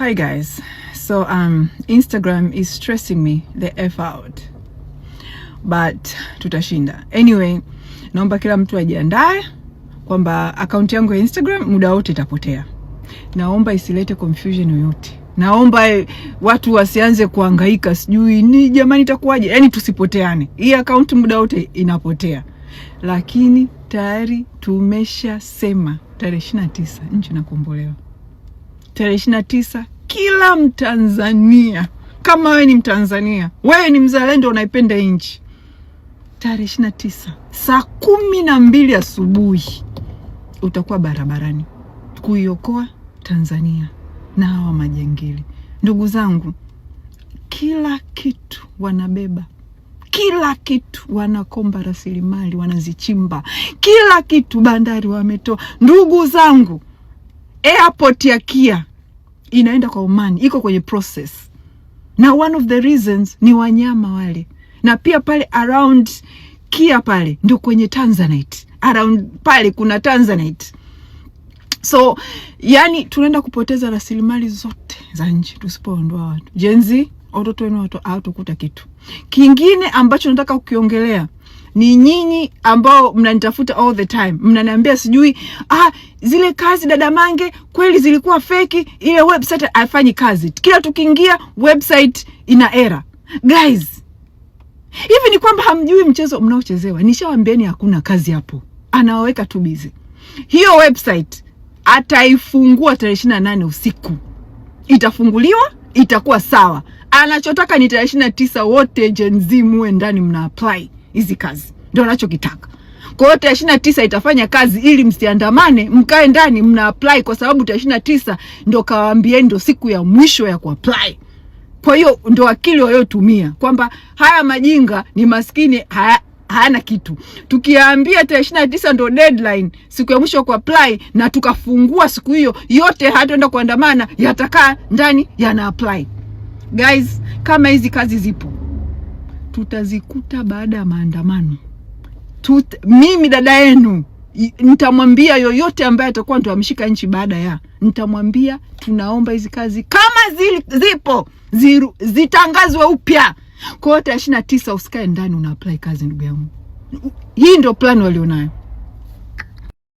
hi guys so um instagram is stressing me the f out but tutashinda anyway naomba kila mtu ajiandae kwamba akaunti yangu ya instagram muda wote itapotea naomba isilete confusion yoyote naomba eh, watu wasianze kuangaika sijui ni jamani itakuwaje yani tusipoteane hii akaunti muda wote inapotea lakini tayari tumeshasema tarehe 29 nchi nakombolewa tarehe ishirini na tisa kila Mtanzania, kama wewe ni Mtanzania, wewe ni mzalendo, unaipenda nchi, tarehe ishirini na tisa saa kumi na mbili asubuhi utakuwa barabarani kuiokoa Tanzania na hawa majangili. Ndugu zangu, kila kitu wanabeba kila kitu wanakomba, rasilimali wanazichimba, kila kitu bandari wametoa. Ndugu zangu, airport ya Kia inaenda kwa umani, iko kwenye process, na one of the reasons ni wanyama wale, na pia pale around Kia pale ndio kwenye Tanzanite, around pale kuna Tanzanite. So yani tunaenda kupoteza rasilimali zote za nchi tusipoondoa watu. jenzi watoto wenu hawatokuta kitu kingine. Ambacho nataka kukiongelea ni nyinyi ambao mnanitafuta all the time, mnaniambia sijui ah, zile kazi dada Mange kweli zilikuwa feki, ile website haifanyi kazi, kila tukiingia website ina error. Guys, hivi ni kwamba hamjui mchezo mnaochezewa? Nishawambieni hakuna kazi hapo, anawaweka tu bizi. Hiyo website ataifungua tarehe ishirini na nane usiku itafunguliwa itakuwa sawa. Anachotaka ni tarehe ishirini na tisa wote Gen Z muwe ndani mna apply hizi kazi, ndio anachokitaka. Kwa hiyo tarehe ishirini na tisa itafanya kazi ili msiandamane, mkae ndani mna apply, kwa sababu tarehe ishirini na tisa ndo kawaambieni ndo siku ya mwisho ya kuapply. Kwa hiyo ndo akili waliotumia kwamba haya majinga ni maskini haya, hana kitu. Tukiambia tarehe ishirini na tisa ndo deadline, siku ya mwisho ku apply, na tukafungua siku hiyo yote, hataenda kuandamana, yatakaa ndani yana apply. Guys, kama hizi kazi zipo tutazikuta baada ya maandamano. Tut, mimi dada yenu nitamwambia yoyote ambaye atakuwa ndo ameshika nchi baada ya, nitamwambia tunaomba hizi kazi kama zil, zipo ziru, zitangazwe upya. Kwa hiyo tarehe ishirini na tisa usikae ndani una apply kazi, ndugu yangu. Hii ndio plan walionayo.